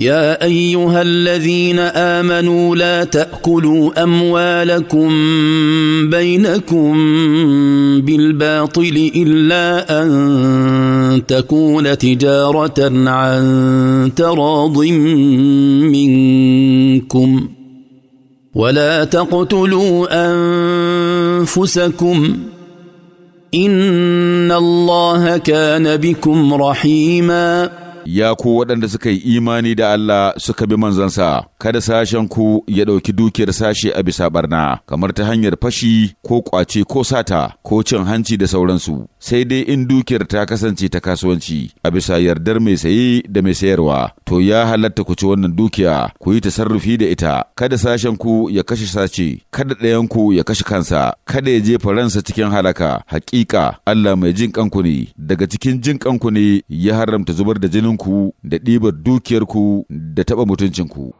يا ايها الذين امنوا لا تاكلوا اموالكم بينكم بالباطل الا ان تكون تجاره عن تراض منكم ولا تقتلوا انفسكم ان الله كان بكم رحيما ya ku waɗanda suka yi imani da Allah suka bi manzansa, kada sashen ku ya ɗauki dukiyar sashe a bisa ɓarna, kamar ta hanyar fashi ko ƙwace ko sata ko cin hanci da sauransu, sai dai in dukiyar ta kasance ta kasuwanci a bisa yardar mai saye da mai sayarwa, to ya halatta ku ci wannan dukiya ku yi ta sarrufi da ita, kada sashen ku ya kashe sace, kada ɗayan ku ya kashe kansa, kada ya jefa ransa cikin halaka, Haƙiƙa Allah mai jin kanku ne, daga cikin jin kanku ne ya haramta zubar da jinin ku da ɗibar dukiyarku da taɓa mutuncinku.